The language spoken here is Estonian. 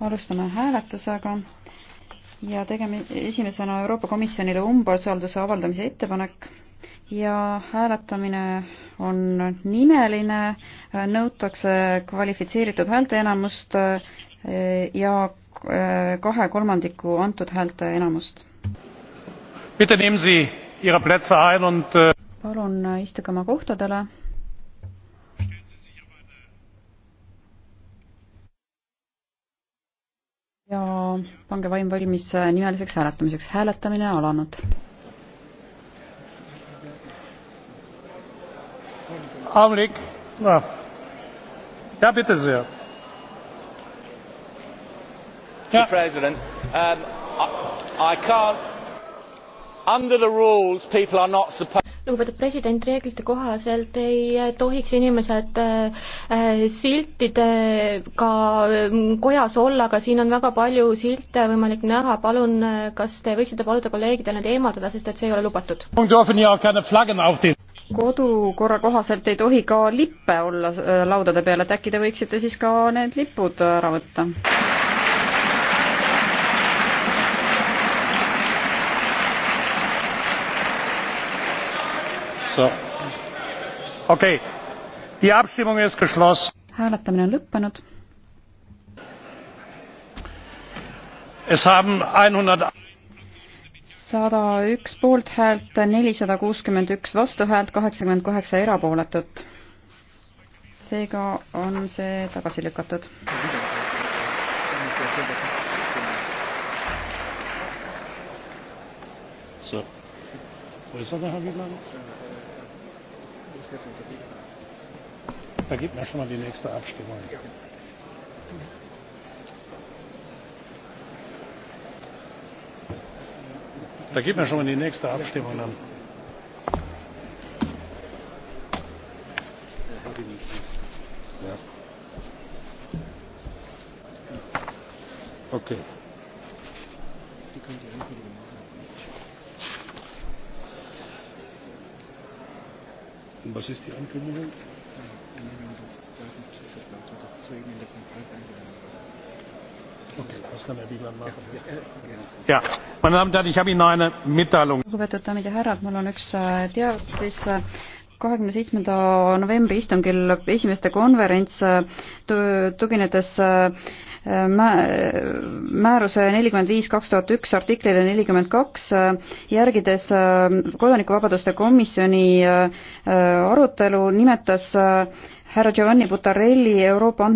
alustame hääletusega ja tegeme esimesena Euroopa Komisjonile umbusalduse avaldamise ettepanek ja hääletamine on nimeline, nõutakse kvalifitseeritud häälteenamust eh, ja eh, kahe kolmandiku antud häälte enamust. Äh, palun äh, istuge oma kohtadele pange vaim valmis äh, nimeliseks hääletamiseks. hääletamine alanud. Augenblick. Ja. ja, bitte sehr. Ja. Mr. President, um, I, I can't. Under the rules, people are not supposed lugupeetud president, reeglite kohaselt ei eh, tohiks inimesed eh, eh, siltidega mm, kojas olla, aga siin on väga palju silte võimalik näha, palun, kas te võiksite paluda kolleegidel need eemaldada, sest et see ei ole lubatud? kodukorra kohaselt ei tohi ka lippe olla laudade peal, et äkki te võiksite siis ka need lipud ära võtta? hääletamine on lõppenud. sada üks poolthäält, nelisada kuuskümmend üks vastuhäält, kaheksakümmend kaheksa erapooletut. seega on see tagasi lükatud. So. Wo ist er denn, Herr Wieland? Da gibt mir schon mal die nächste Abstimmung. Ja. Da gibt mir schon mal die nächste Abstimmung an. Ja. Okay. Die können die ankündigen. Und was ist die Ankündigung? lugupeetud daamid ja härrad, mul on üks äh, teatis äh, kahekümne seitsmenda novembri istungil esimeste konverents tuginedes äh, määruse nelikümmend viis kaks tuhat üks artiklile nelikümmend kaks, järgides äh, Kodanikuvabaduste komisjoni äh, arutelu, nimetas härra Giovanni Butarelli Euroopa andme-